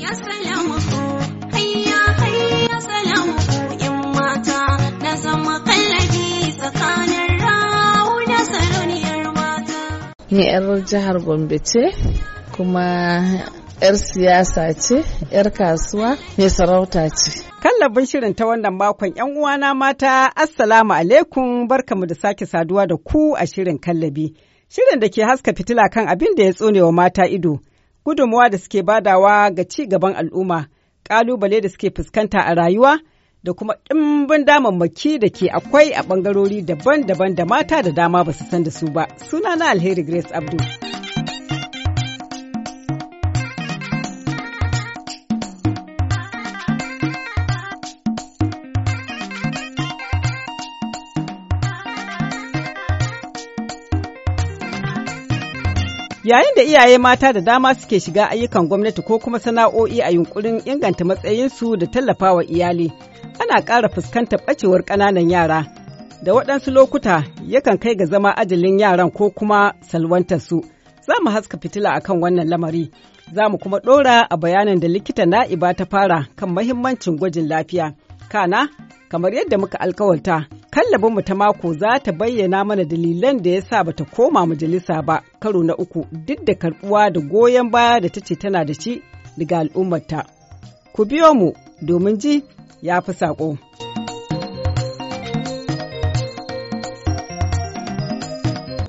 Ni 'yar jihar Gombe ce kuma 'yar siyasa ce, 'yar kasuwa, ne sarauta ce. Kallabin shirin ta wannan makon 'yan uwana mata, Assalamu alaikum barkamu da sake saduwa da ku a shirin kallabi. Shirin da ke haska fitila kan abin da ya tsonewa mata ido. gudunmuwa da suke badawa ga ci gaban al'umma, ƙalubale da suke fuskanta a rayuwa da kuma ɗimbin damammaki da ke akwai a ɓangarori daban-daban da mata da dama ba su san da su ba. Sunana Alheri Grace Abdul. Yayin da iyaye mata da dama suke shiga ayyukan gwamnati ko kuma sana'o'i a yunkurin inganta matsayinsu da tallafawa iyali, ana ƙara fuskantar ɓacewar ƙananan yara. Da waɗansu lokuta yakan kai ga zama ajalin yaran ko kuma salwantar su. Za mu haska fitila akan wannan lamari. Za mu kuma ɗora a bayanin da likita na'iba ta fara kan mahimmancin gwajin lafiya. Kana, kamar yadda muka alkawarta, mu ta mako za ta bayyana mana dalilan da ya sa bata koma majalisa ba karo na uku duk da karbuwa da goyon baya da ta ce tana da shi daga al'ummarta. Ku biyo mu domin ji ya fi saƙo.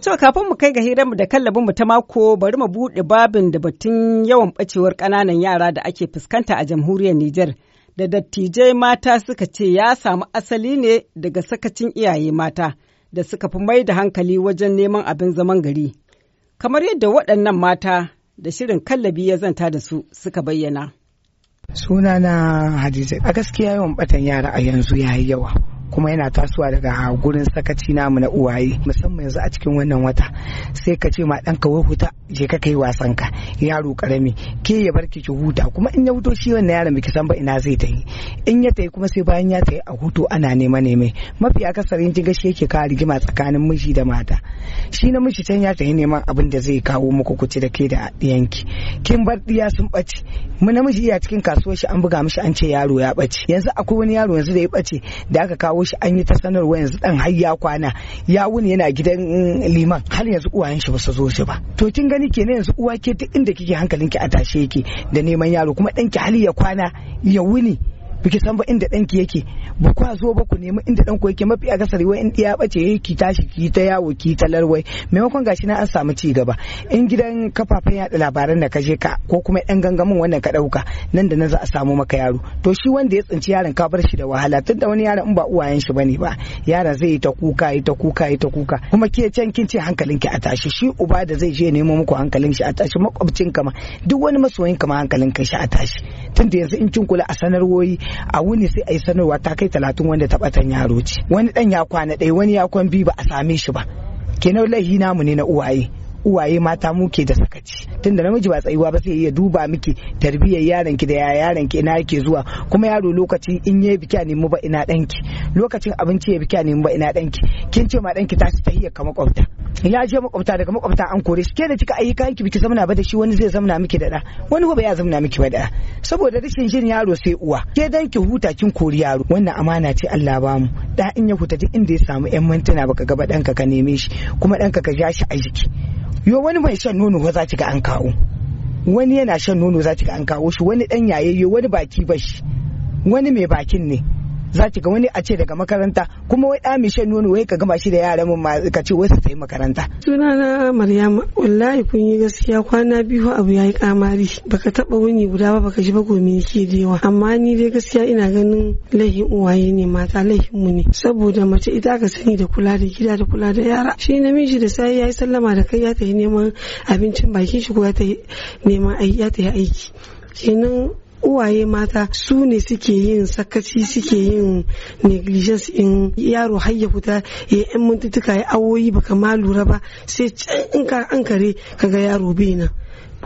To kafin mu kai ga hiranmu da kallabin mu ta mako bari mu buɗe babin da batun yawan ɓacewar ƙananan yara da ake fuskanta a jamhuriyar Nijar. da dattijai mata suka ce ya samu asali ne daga sakacin iyaye mata da suka fi mai da hankali wajen neman abin zaman gari. Kamar yadda waɗannan mata da shirin kallabi ya zanta da su suka bayyana. Sunana Hadiza, a gaskiya yawan batan yara a yanzu ya yi yawa. kuma yana tasowa daga gurin sakaci namu na uwaye musamman yanzu a cikin wannan wata sai ka ce ma ɗanka wai huta je ka kai wasan ka yaro karami ke ya bar ki huta kuma in ya huto shi wannan yaron biki san ba ina zai ta yi in ya ta yi kuma sai bayan ya ta yi a hutu ana nema neme mafi akasarin kin ga shi yake kawo rigima tsakanin miji da mata shi na miji can ya ta yi neman abin da zai kawo muku kuci da ke da ɗiyanki kin bar ɗiya sun ɓaci mu namiji iya cikin kasuwar shi an buga mishi an ce yaro ya ɓace yanzu akwai wani yaro yanzu da ya ɓace da aka kawo kawo shi an yi ta sanarwa yanzu dan har ya kwana ya wuni yana gidan mm, liman har yanzu uwayen shi ba su zo shi ba to kin gani kenan yanzu uwa ke duk inda kike hankalinki a tashe yake da neman yaro kuma danki hali ya kwana ya wuni biki san ba inda danki yake ba kwa zo ba ku nemi inda danku yake mafi a kasar wai in ya bace eh, ki tashi ki ta yawo ki ta larwai maimakon gashi na an samu ci gaba in gidan kafafen yada labaran da ka je ka ko kuma yan gangamin wannan ka dauka nan da nan za a samu maka yaro to shi wanda ya tsinci yaron ka bar shi da wahala tunda wani yaron in ba uwayen shi bane ba yaron zai yi ta kuka yi ta kuka yi ta kuka kuma ke can kin ce hankalinki a tashi shi uba da zai je nemo muku hankalin shi a tashi makwabcin ma duk wani masoyin ma hankalin kai shi a tashi tunda yanzu in kin kula a sanarwoyi a wuni sai a yi sanarwa ta kai talatin wanda ta batan yaro ce wani dan ya kwana ɗaya wani ya kwan biyu ba a same shi ba kenan laihi namu ne na uwaye uwaye mata muke da sakaci tunda namiji ba tsayuwa ba sai iya duba miki tarbiyyar yaron ki da ya yaron ki ina yake zuwa kuma yaro lokacin in yayi biki a nemi ba ina dan ki. lokacin abinci ya biki a nemi ba ina dan ki. kin ce ma dan danki tashi tahiyar ka makwabta ya je makwabta daga makwabta an kore shi ke da kika ayyuka ki biki zamana ba da shi wani zai zamana miki da da wani ba ya zamana miki ba da saboda rashin jin yaro sai uwa ke dan ki huta kin kori yaro wannan amana ce Allah ba mu da in ya huta duk inda ya samu yan mintuna baka gaba danka ka neme shi kuma danka ka ja shi a jiki yo wani mai shan nono ba za ki ga an kawo wani yana shan nono za ki ga an kawo shi wani dan yayayyo wani baki ba shi wani mai bakin ne za ki ga wani a ce daga makaranta kuma wai ɗa mai shan nono wai ka gama shi da yaran mun ka ce wai su sai makaranta. sunana maryama wallahi kun yi gaskiya kwana biyu abu ya yi kamari baka taba wuni guda ba baka shi ba gomi yake da yawa amma ni dai gaskiya ina ganin laifin uwaye ne mata laifin mu ne saboda mace ita aka sani da kula da gida da kula da yara shi namiji da sai ya yi sallama da kai ya yi neman abincin bakin shi ko ya yi neman ya yi aiki kenan uwaye mata su ne suke yin sakaci suke yin negligence in yaro har ya fita ya yan mintutuka ya awoyi baka ma lura ba sai can in ka an kare kaga yaro bai nan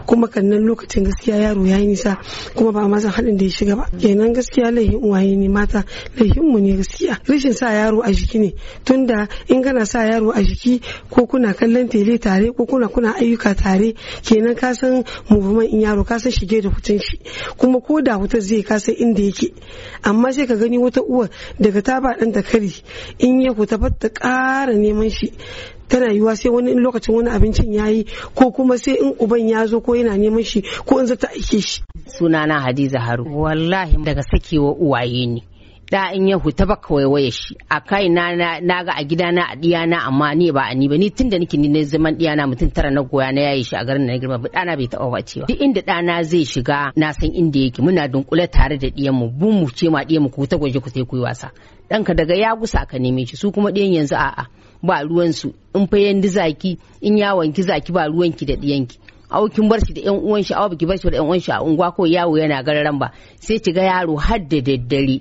kuma kannan lokacin gaskiya yaro ya yi nisa kuma ba ma haɗin da ya shiga ba kenan gaskiya laifin uwaye ne mata laifin mu ne gaskiya rashin sa yaro a jiki ne tunda in kana sa yaro a jiki ko kuna kallon tele tare ko kuna kuna ayyuka tare kenan ka san movement in yaro ka san shige da hutun shi kuma ko da wutar zai ka san inda yake amma sai ka gani wata uwa daga ta ba ɗanta kari in ya huta ta ƙara neman shi tana yiwa sai wani lokacin wani abincin yi ko kuma sai in uban ya zo ko yana neman shi ko in zata aike shi sunana hadiza haru wallahi daga sakewa uwaye ne da in ya huta ba waiwaye shi a kai na na ga a gidana a diyana amma ni ba a ni ba ni da nake ni na zaman diyana mutum tara na goya na yayi shi a garin na girma ba dana bai taba bace ba duk inda dana zai shiga na san inda yake muna dunkule tare da diyan mu bun mu ce ma diyan mu ku ta gwaje ku sai ku yi wasa danka daga ya gusa ka neme shi su kuma diyan yanzu a'a ba ruwansu in fa yandi zaki in ya wanki zaki ba ruwanki da diyanki awo kin bar shi da yan uwan shi awo bar da yan uwan shi a unguwa ko yawo yana gararan ba sai ki ga yaro har da daddare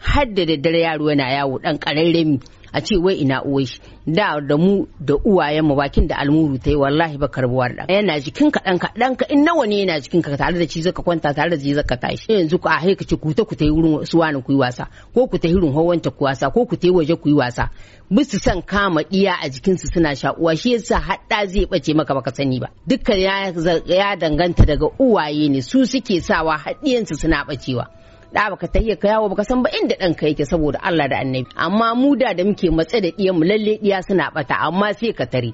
har da daddare yaro yana yawo dan kararremi a ce wai ina uwai shi da da mu da uwayen mu bakin da almuru ta yi wallahi ba karbuwar da yana jikin ka dan ka in nawa ne yana jikin ka tare da shi zaka kwanta tare da shi zaka tashi yanzu ku a hai ka ci ku ta ku ta yi wurin wani ku yi wasa ko ku ta hirin hawanta ku wasa ko ku ta waje ku yi wasa bisu san kama ɗiya a jikinsu suna sha uwa shi yasa haɗa zai bace maka baka sani ba dukkan ya danganta daga uwaye ne su suke sawa haɗiyansu suna bacewa da baka tayi ka yawo baka san ba inda dan ka yake saboda Allah da annabi amma mu da da muke matse da diyan mu lalle ɗiya suna bata amma sai ka tare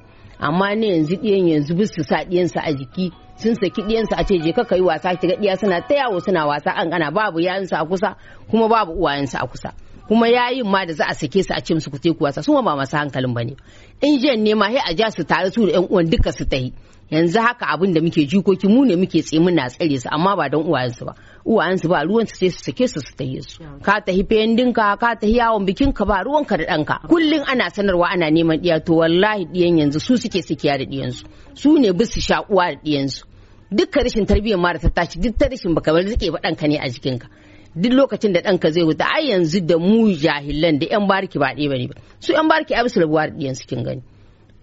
amma ne yanzu diyan yanzu bisu sa diyan sa a jiki sun saki sa a ce je ka yi wasa kiga diya suna ta yawo suna wasa an ana babu sa a kusa kuma babu sa a kusa kuma yayin ma da za a sake su a ce musu ku ku wasa su ba masu hankalin bane in jen ne ma sai a ja su tare su da yan uwan duka su tahi yanzu haka abin da muke jikoki mu ne muke tsimi na tsare su amma ba don su ba Uwansu ba ruwan su sai su sake su su ta su ka tahi fendinka ka ka tahi yawon bikin ka ba ka da ka. kullum ana sanarwa ana neman diya to wallahi ɗiyan yanzu su suke sikiya da diyan su Su ne bisu sha uwa da su dukkan rashin tarbiyyar mara ta tashi duk ta rashin baka bar zike ba ka ne a jikin ka. duk lokacin da ka zai huta ai yanzu da mu jahilan da yan bariki ba dai bane ba su yan bariki a bisu rabuwa da su kin gani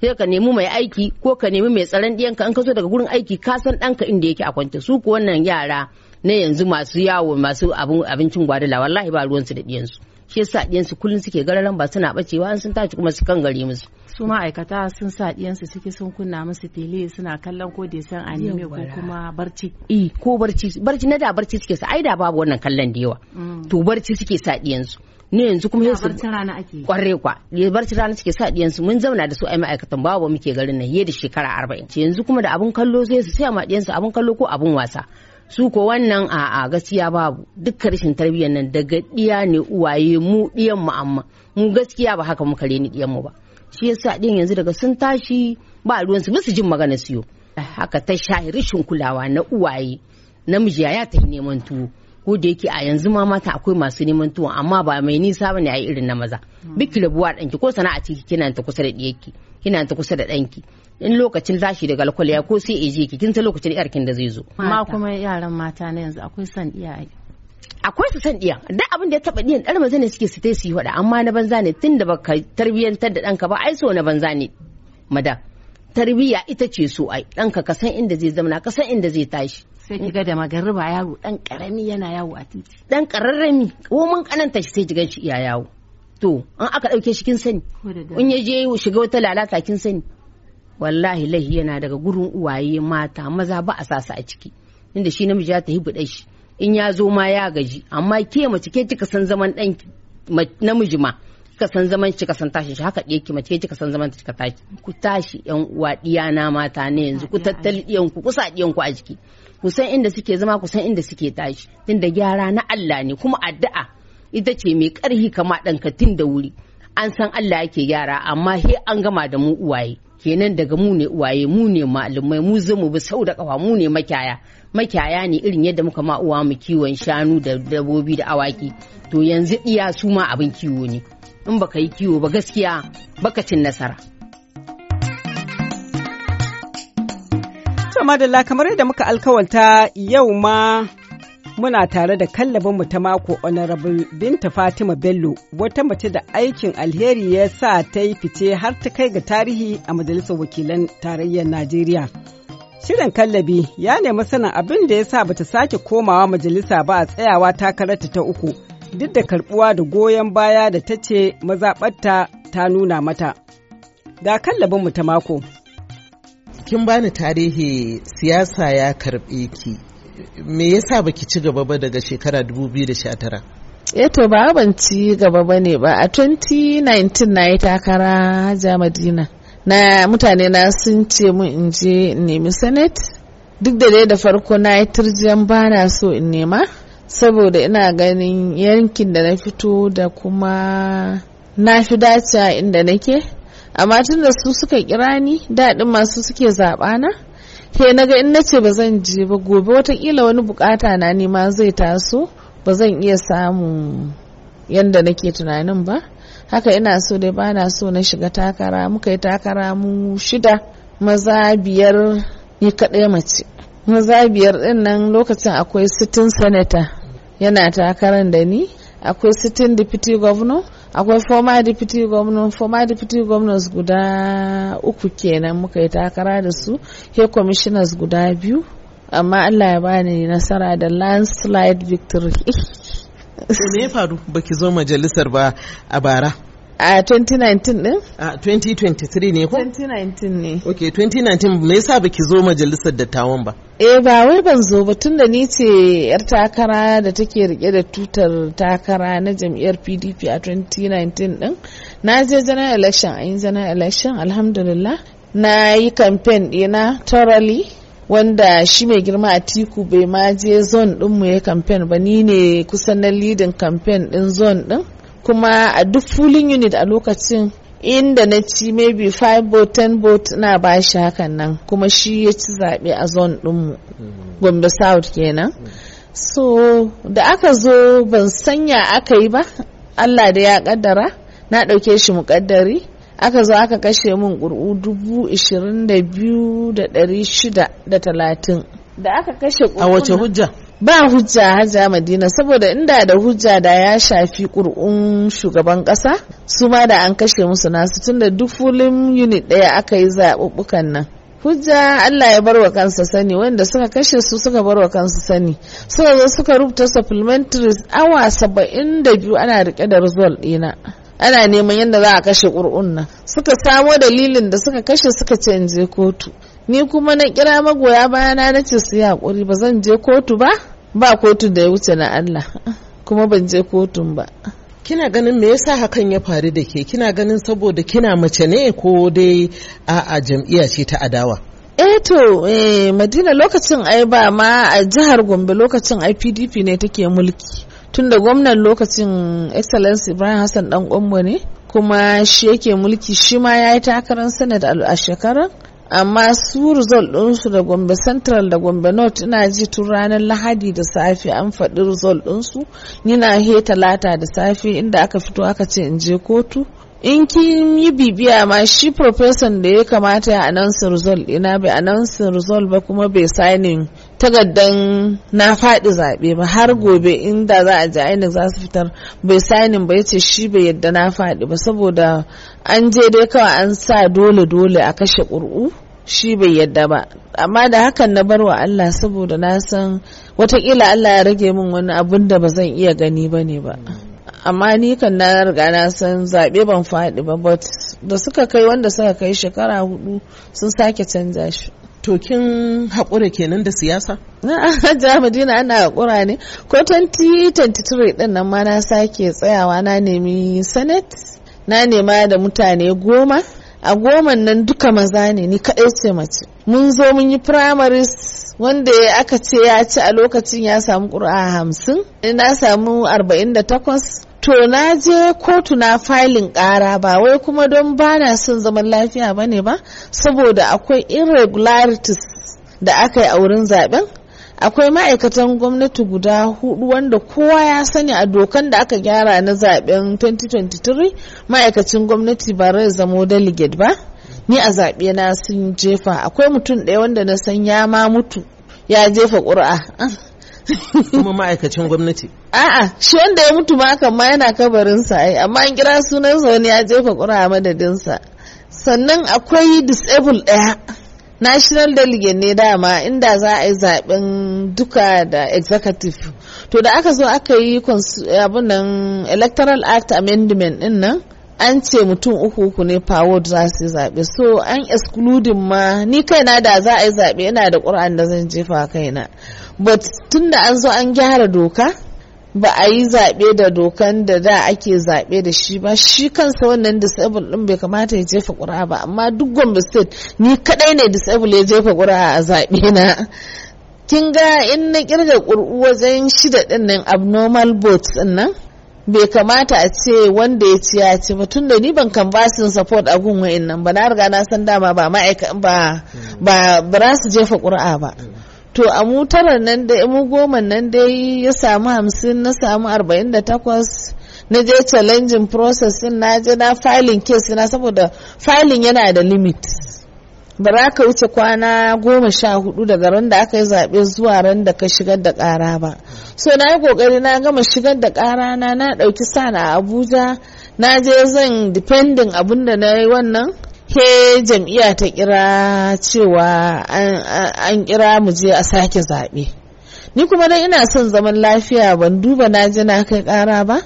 sai ka nemi mai aiki ko ka nemi mai tsaron ɗiyanka in ka zo daga gurin aiki ka san ɗanka inda yake a kwance su ko wannan yara na yanzu masu yawo masu abincin gwadala wallahi ba ruwansu da ɗiyansu shi yasa ɗiyansu kullum suke gararan ba suna bacewa an sun tashi kuma su kan gare musu su ma'aikata sun sa ɗiyansu ciki sun kunna musu tele suna kallon ko da san anime ko kuma barci i eh, ko barci barci na da barci suke sa ai da babu wannan kallon da yawa mm. to barci suke sa ɗiyansu ne yanzu kuma su kwarre kwa barci rana suke sa diyansu mun zauna da su ai ma'aikatan bawa ba muke garin nan da shekara arba'in yanzu kuma da abun kallo sai su sai ma diyansu abun kallo ko abun wasa su ko wannan a'a gaskiya babu duk rashin tarbiyyar nan daga ɗiya ne uwaye mu ɗiyan mu amma mu gaskiya ba haka muka reni ɗiyan mu ba shi yasa ɗin yanzu daga sun tashi ba ruwan su bisu jin magana siyo. yo haka ta shahi rashin kulawa na uwaye namiji ya ta neman tuwo ko da yake a yanzu ma mata akwai masu neman tuwo amma ba mai nisa bane a irin na maza biki rabuwa ɗanki ko sana'a ciki kina ta kusa da ɗiyarki kina ta kusa da danki in lokacin zashi daga alkwaliya ko sai eje ki kin san lokacin iyarkin da zai zo ma kuma yaran mata na yanzu akwai san iyaye akwai su san diyan da abin da ya taba diyan dar maza ne suke su tai su yi wada amma na banza ne tunda baka tarbiyantar da danka ba ai so na banza ne madam tarbiya ita ce so ai danka ka san inda zai zama ka san inda zai tashi sai kiga da magariba yaro dan karami yana yawo a titi dan kararrami ko mun kananta shi sai kiga shi iya yawo to in aka ɗauke shi kin sani in ya je shiga wata lalata kin sani wallahi lahi yana daga gurin uwaye mata maza ba a sasa a ciki inda shi namiji ya tafi buɗe shi in ya zo ma ya gaji amma ke mace ke kika san zaman ɗan namiji ma kika san zaman kika san tashi shi haka ke mace kika san zaman kika tashi ku tashi yan uwa na mata ne yanzu ku tattali ɗiyanku ku sa ɗiyanku a jiki ku san inda suke zama ku san inda suke tashi tunda gyara na Allah ne kuma addu'a ita ce mai ƙarhi kama ɗanka tun da wuri an san Allah yake gyara amma he an gama da mu uwaye kenan daga mu ne uwaye mu ne malumai mu zo mu bi sau da kafa mu ne makiyaya makiyaya ne irin yadda muka ma uwa mu kiwon shanu da dabbobi da awaki to yanzu iya su ma abin kiwo ne in baka yi kiwo ba gaskiya baka cin nasara to madalla kamar yadda muka alkawalta yau ma muna tare da kallabinmu ta mako honorable binta fatima bello wata mace da aikin alheri ya sa ta yi fice har ta kai ga tarihi a majalisar wakilan tarayyar najeriya shirin kallabi ya nemi sanin abin da ya sa bata sake komawa majalisa ba a tsayawa takararta ta uku duk da karbuwa da goyon baya da ta ce mazaɓarta ta nuna mata ga kallabinmu ta mako kin bani tarihi siyasa ya karɓe ki me yasa baki ci gaba ba daga shekara 2019 eto eh ba ban ci gaba ba ne ba a 2019 na yi takara hajiya madina na mutane na sun ce mun in je nemi senate duk da dai da farko na yi turjiyan ba na so in nema saboda ina ganin yankin da na fito da kuma na fi dace inda nake amma tun da su suka kira ni daɗin masu suke zaɓa na ke naga in nace ba zan je ba gobe watakila wani bukata na nema zai taso ba zan iya samu yadda nake tunanin ba haka ina so dai ba na so na shiga takara muka yi takara mu shida maza biyar ni kaɗai mace maza biyar din nan lokacin akwai sitin sanata yana takarar da ni akwai sitin deputy governor akwai former deputy governor former deputy governors guda uku kenan muka yi takara da su he commissioners guda biyu amma allah ya bani nasara da landslide victory ne ya faru baki zo majalisar ba a bara a 2019 din a 2023 ne ko 2019 ne ok 2019 me yasa baki zo majalisar dattawan ba eh ba wai ban zo ba tunda ni ce yar takara da take rike da tutar takara na jam'iyyar pdp a 2019 din na je general election a yi general election alhamdulillah na yi campaign dina thoroughly wanda shi mai girma a tiku bai ma je zone mu ya campaign ba ni ne kusan na leading campaign din zone din. kuma a duk fulin unit a lokacin inda na ci maybe 5 vote 10 vote na ba shi hakan nan kuma shi ya ci zaɓe a zone ɗinmu mm. gombe south kenan mm. so da aka zo ban sanya aka yi ba allah da ya ƙaddara na ɗauke shi mu muƙaddari aka zo aka kashe min ƙuri'u dubu da shida da talatin da aka kashe a wace hujja ba hujja hajja madina saboda inda da hujja da ya shafi kur'un shugaban kasa su ma da an kashe musu nasu tunda duk fulin unit daya aka yi zaɓuɓɓukan nan hujja Allah ya bar wa kansa sani wanda suka kashe su suka bar wa kansa sani suka zo suka rubuta supplementaries awa saba'in da biyu ana rike da result dina ana neman yadda za a kashe ƙur'un nan suka samo dalilin da suka kashe suka canje kotu ni kuma na kira magoya baya na nace su yi hakuri ba zan je kotu ba ba kotun da ya wuce na Allah kuma ban je kotun ba kina ganin me yasa hakan ya faru da ke kina ganin saboda kina mace ne ko dai a'a jam'iyya ce ta adawa eh to eh madina lokacin ai ba ma a jihar gombe lokacin ai pdp ne take mulki tunda gwamnan lokacin excellence ibrahim hassan dan gombe ne kuma shi yake mulki shi ma ya yi takarar sanad a shekarar amma su result ɗinsu da gombe central da gombe north ina ji tun ranar lahadi da safe an faɗi result ɗinsu yana he talata da safe inda aka fito aka ce in je kotu in kin yi bibiya ma shi profesan da ya kamata ya anansa result ina bai anansa result ba kuma bai signing takardan na faɗi zaɓe ba har gobe inda za a ji inec za su fitar bai sanin ba ya ce shi bai yadda na faɗi ba saboda an je dai kawai an sa dole dole a kashe ƙur'u shi bai yadda ba amma da hakan na bar wa Allah saboda na san watakila Allah ya rage min wani abun da ba zan iya gani ba ne ba amma ni kan na riga na san zaɓe ban faɗi ba but da suka kai wanda suka kai shekara hudu sun sake canza shi Tokin kin haƙura kenan da siyasa? na Madina ana haƙura ne. Ko 2023 din nan ma na sake tsayawa na nemi Senate, na nema da mutane goma. A goman nan duka maza ne, ni kaɗai ce mace. Mun zo mun yi primaries wanda aka ce ya ci a lokacin ya samu ƙura hamsin, na samu arba'in da to na je kotu na filin kara ba wai kuma don ba na son zaman lafiya ba ne ba saboda akwai irregularities da aka yi a wurin zaben akwai ma'aikatan gwamnati guda hudu wanda kowa ya sani a dokan da aka gyara na zaben 2023 ma'aikacin gwamnati ba rai zamo delegate ba ni a zaɓe na sun jefa akwai mutum ɗaya wanda na san ya ma mutu ya jefa ƙuri'a kuma ma'aikacin gwamnati a'a shi wanda ya mutu ma kan ma yana sa ai amma an kira sunansa wani ya jefa ƙura madadinsa sannan akwai disable ɗaya national delegate ne dama inda za a yi zaben duka da executive to da aka zo aka yi abun nan electoral act amendment din nan an ce mutum uku uku ne powered za su zaɓe so an excluding ma ni kaina da za a yi zaɓe yana da ƙur'an da zan jefa kaina but tun da an zo an gyara doka ba a yi zaɓe da dokan da da ake zaɓe da shi ba shi kansa wannan disable ɗin bai kamata ya jefa ƙura ba amma duk gombe state ni kaɗai ne disable ya jefa ƙura a zaɓe na kin ga in na ƙirga ƙur'u wajen shida ɗin nan abnormal boats ɗin nan bai kamata a ce wanda ya ci ya ci ba tun da ni ban kan basin support a gun wa'in nan ba na riga na san dama ba ma'aikatan ba ba ba su jefa ƙura'a ba to a mu nan da mu goma nan dai ya samu hamsin na samu arba'in da takwas na je challenging process din na je na filing case na saboda filing yana da limit ba za ka wuce kwana goma sha hudu daga ran aka yi zaɓe zuwa randa ka shigar da ƙara ba so na yi kokari na gama shigar da kara na na ɗauki sana a abuja na je zan depending abun da na yi wannan he jam'iyya ta kira cewa an kira mu je a sake zaɓe ni kuma dan ina son zaman lafiya ban duba na je na kai kara ba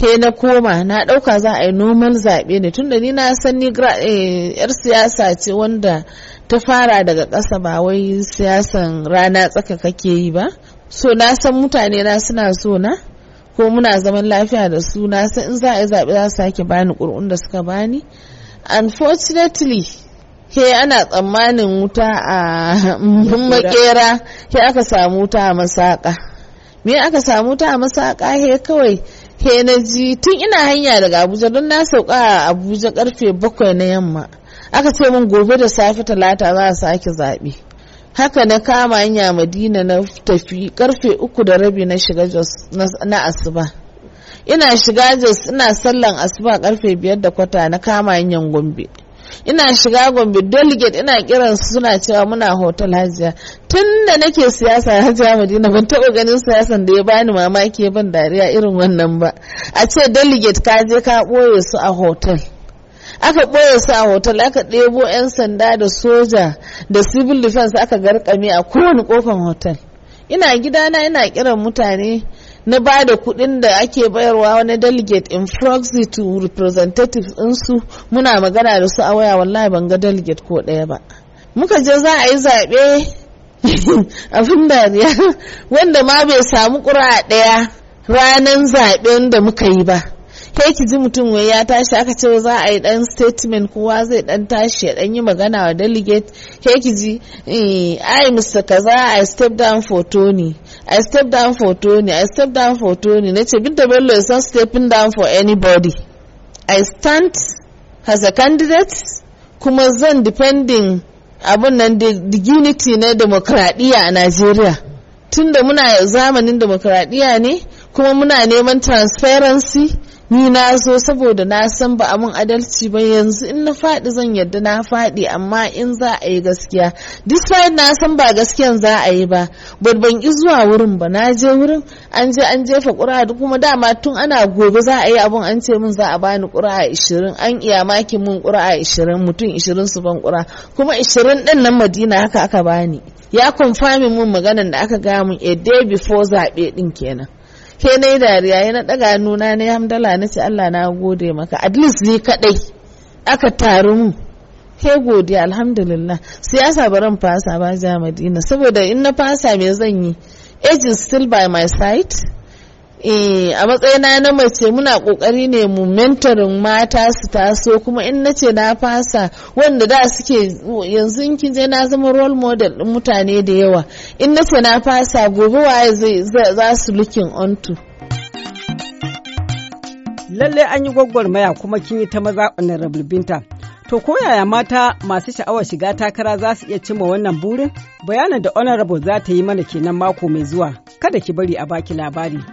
he na koma na ɗauka za a yi normal zaɓe ne tunda ni na san ni eh, yar siyasa ce wanda ta fara daga ƙasa ba wai siyasan rana tsaka kake yi ba so na san mutane na suna so na ko muna zaman lafiya da su na san in za a yi zaɓe za su sake bani ƙuri'un da suka bani unfortunately he ana tsammanin wuta a makera he aka samu wuta a masaka me aka samu wuta a masaka he kawai he na ji tun ina hanya daga abuja don na sauka a abuja karfe bakwai na yamma aka ce min gobe da safe talata za a sake zaɓe haka na kama hanya madina na tafi karfe uku da rabi na shiga jos na asuba ina shiga jos ina sallan asuba karfe biyar da kwata na kama hanyar gombe ina shiga gombe delegate ina kiran suna cewa muna hotel hajiya tun da nake siyasa hajiya madina ban taɓa ganin siyasan da ya bani mamaki ban dariya irin wannan ba a ce delegate ka je ka ɓoye su a hotel aka ɓoye su a hotel aka ɗebo 'yan sanda da soja da civil defense aka garkame a kowane kofan hotel ina gidana ina kiran mutane na ba da kuɗin da ake bayarwa wani delegate in proxy to representatives ɗinsu muna magana da su a waya wallahi ban ga delegate ko ɗaya ba muka je za a yi zaɓe abin dariya wanda ma bai samu ƙura ɗaya ranar zaɓen da muka yi ba kai ki ji mutum wai ya tashi aka ce za a yi dan statement kowa zai dan tashi ya dan yi magana wa delegate kai ki ji eh, ai mr kaza i step down for tony i step down for tony i step down for tony nace binta bello is not stepping down for anybody i stand as a candidate kuma zan depending abun nan da dignity na demokradiya a Najeriya tunda muna zamanin demokradiya ne kuma muna neman transparency ni na zo saboda na san ba amin adalci ba yanzu in na faɗi zan yadda na faɗi amma in za a yi gaskiya duk sa'in na san ba gaskiyan za a yi ba ban ki zuwa wurin ba na je wurin an je an jefa ƙura duk kuma dama tun ana gobe za a yi abun an ce min za a bani ƙura ishirin an iya maki min ƙura ishirin mutum ishirin su ban ƙura kuma ishirin din nan madina haka aka bani ya kwamfamin min maganan da aka gaya mun a day before zaɓe ɗin kenan ke na dariya ya na daga nuna na hamdala na ce Allah na gode maka at least ni kadai aka taru mu ke godiya alhamdulillah siyasa baran fasa ba ja madina saboda in na fasa me zan yi age is still by my side eh a matsayina na mace muna kokari ne mu mentorin mata su taso kuma in nace na fasa wanda da suke yanzu in kin je na zama role model din mutane da yawa in nace na fasa gobe waye zai za su looking onto lalle an yi gwagwarmaya kuma kin yi ta maza honorable binta To ko yaya mata masu sha'awar shiga takara za su iya cimma wannan burin? Bayanin da Honorable za ta yi mana kenan mako mai zuwa, kada ki bari a baki labari.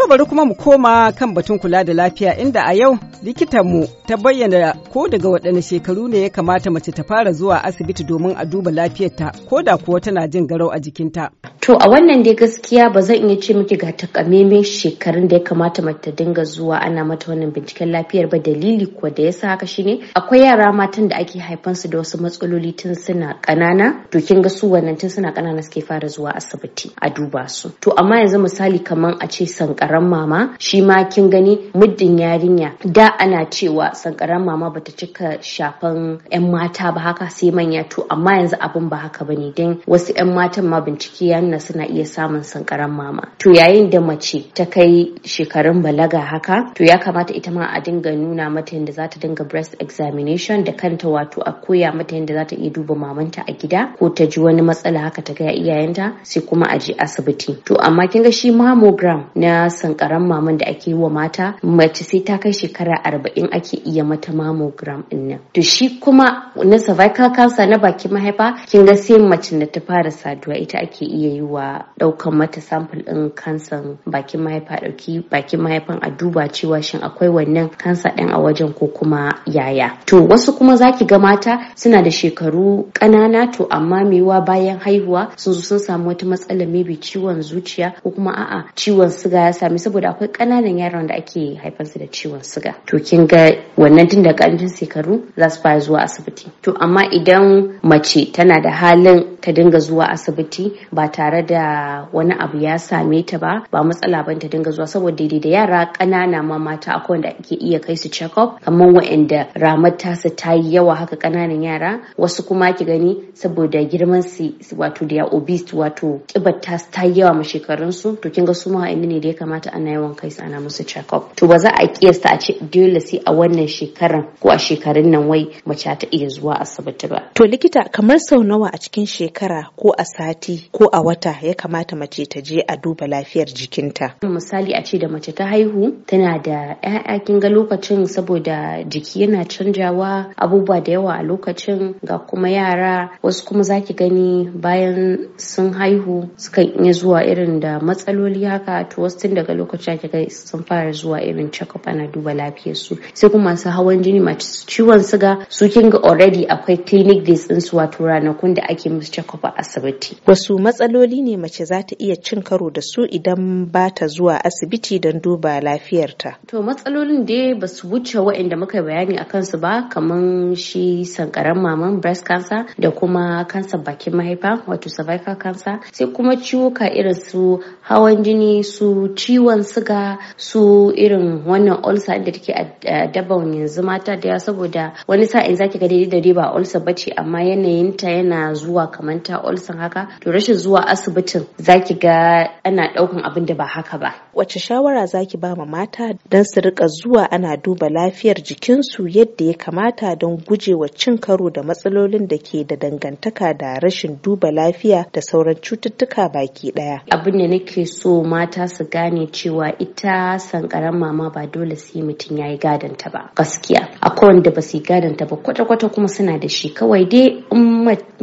To bari kuma mu koma kan batun kula da lafiya inda a yau likitanmu ta bayyana ko daga waɗanne shekaru ne ya kamata mace ta fara zuwa asibiti domin a duba lafiyarta ko da kuwa tana jin garau a jikinta. To a wannan dai gaskiya ba zan iya ce miki ga takamaiman shekarun da ya kamata mace ta dinga zuwa ana mata wannan binciken lafiyar ba dalili kuwa da yasa haka shine akwai yara matan da ake haifansu da wasu matsaloli tun suna ƙanana to kin ga su wannan tun suna ƙanana suke fara zuwa asibiti a duba su. To amma yanzu misali kaman a ce sankara sankaran mama shi ma kin gani muddin yarinya da ana cewa sankaran mama bata cika shafan 'yan mata ba haka sai manya to amma yanzu abin ba haka bane don wasu 'yan matan ma bincike ya nuna suna iya samun sankaran mama to yayin da mace ta kai shekarun balaga haka to ya kamata ita ma a dinga nuna mata yadda za ta dinga breast examination da kanta wato a koya mata yadda za ta iya duba mamanta a gida ko ta ji wani matsala haka ta gaya iyayenta sai kuma a je asibiti to amma kin ga shi mammogram na sankaran maman da ake yi wa mata mace sai ta kai shekara arba'in ake iya mata mammogram din nan to shi kuma na cervical cancer na bakin mahaifa kin ga sai mace da ta fara saduwa ita ake iya yi wa daukan mata sample din kansan bakin mahaifa dauki bakin mahaifan a duba cewa shin akwai wannan kansa din a wajen ko kuma yaya to wasu kuma zaki ga mata suna da shekaru kanana to amma mewa bayan haihuwa sun zo sun samu wata matsala maybe ciwon zuciya ko kuma a'a ciwon suga ya sa sami saboda akwai ƙananan yaran da ake haifansu da ciwon suga to kin ga wannan tun da ƙarancin shekaru za su fara zuwa asibiti to amma idan mace tana da halin ta dinga zuwa asibiti ba tare da wani abu ya same ta ba ba matsala ba ta dinga zuwa saboda daidai da yara ƙanana ma mata akwai wanda ake iya kai su check up kamar wa'anda ramar tasa ta yi yawa haka ƙananan yara wasu kuma ki gani saboda girman su wato da ya obese wato ƙibar ta yi yawa ma shekarun su to kin ga su ma ne da ya kamata kamata ana yawan kai ana musu check up to ba za a kiyasta a ce dole sai a wannan shekaran ko a shekarun nan wai mace ta iya zuwa asibiti ba to likita kamar sau nawa a cikin shekara ko a sati ko a wata ya kamata mace ta je a duba lafiyar jikinta misali a ce da mace ta haihu tana da ƴaƴa kin ga lokacin saboda jiki yana canjawa abubuwa da yawa a lokacin ga kuma yara wasu kuma zaki gani bayan sun haihu sukan iya zuwa irin da matsaloli haka to wasu tun daga daga lokaci ake sun fara zuwa irin check up ana duba lafiyar su sai kuma masu hawan jini masu ciwon suga su kin ga already akwai clinic days din su wato ranakun da ake musu check up a asibiti wasu matsaloli ne mace za ta iya cin karo da su idan ba ta zuwa asibiti don duba lafiyarta to matsalolin dai ba su wuce waɗanda muka bayani a kansu ba kamar shi sankaran maman breast cancer da kuma kansar bakin mahaifa wato cervical cancer sai kuma ciwuka irin su hawan jini su ciwon ciwon suga su irin wannan ulcer da take a daban yanzu mata da ya saboda wani sa'in zaki ga daidai da dai ba ulcer bace amma yanayin ta yana zuwa kamar ta ulcer haka to rashin zuwa asibitin zaki ga ana daukan abin da ba haka ba wace shawara zaki ba ma mata dan su rika zuwa ana duba lafiyar jikinsu yadda ya kamata don guje wa cin karo da matsalolin da ke da dangantaka da rashin duba lafiya da sauran cututtuka baki daya abin da nake so mata su gane ne cewa ita sankaran mama ba dole sai mutum ya yi gadanta ba gaskiya akwai wanda ba su yi gadanta ba kwata-kwata kuma suna da shi kawai dai in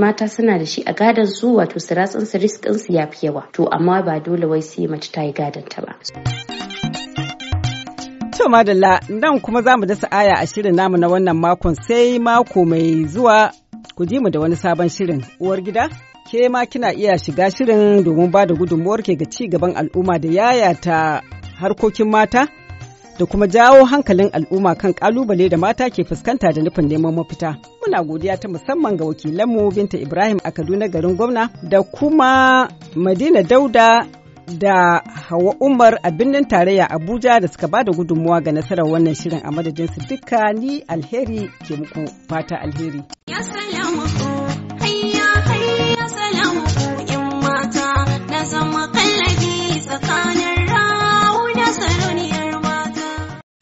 mata suna da shi a gadon su wato su ratsin su riskin su ya fi yawa to amma ba dole wai sai mace ta yi gadanta ba. To madalla nan kuma za mu dasa aya a shirin namu na wannan makon sai mako mai zuwa ku ji mu da wani sabon shirin uwar gida ke ma kina iya shiga shirin domin ba da gudunmuwar ke ga ci gaban al'umma da yayata harkokin mata da kuma jawo hankalin al'umma kan kalubale da mata ke fuskanta da nufin neman mafita. Muna godiya ta musamman ga wakilanmu Binta Ibrahim a Kaduna garin gwamna da kuma Madina Dauda da Hawa Umar a birnin tarayya Abuja da suka ba da gudunmuwa ga nasarar wannan shirin a madadinsu duka ni alheri ke muku fata alheri. Yes,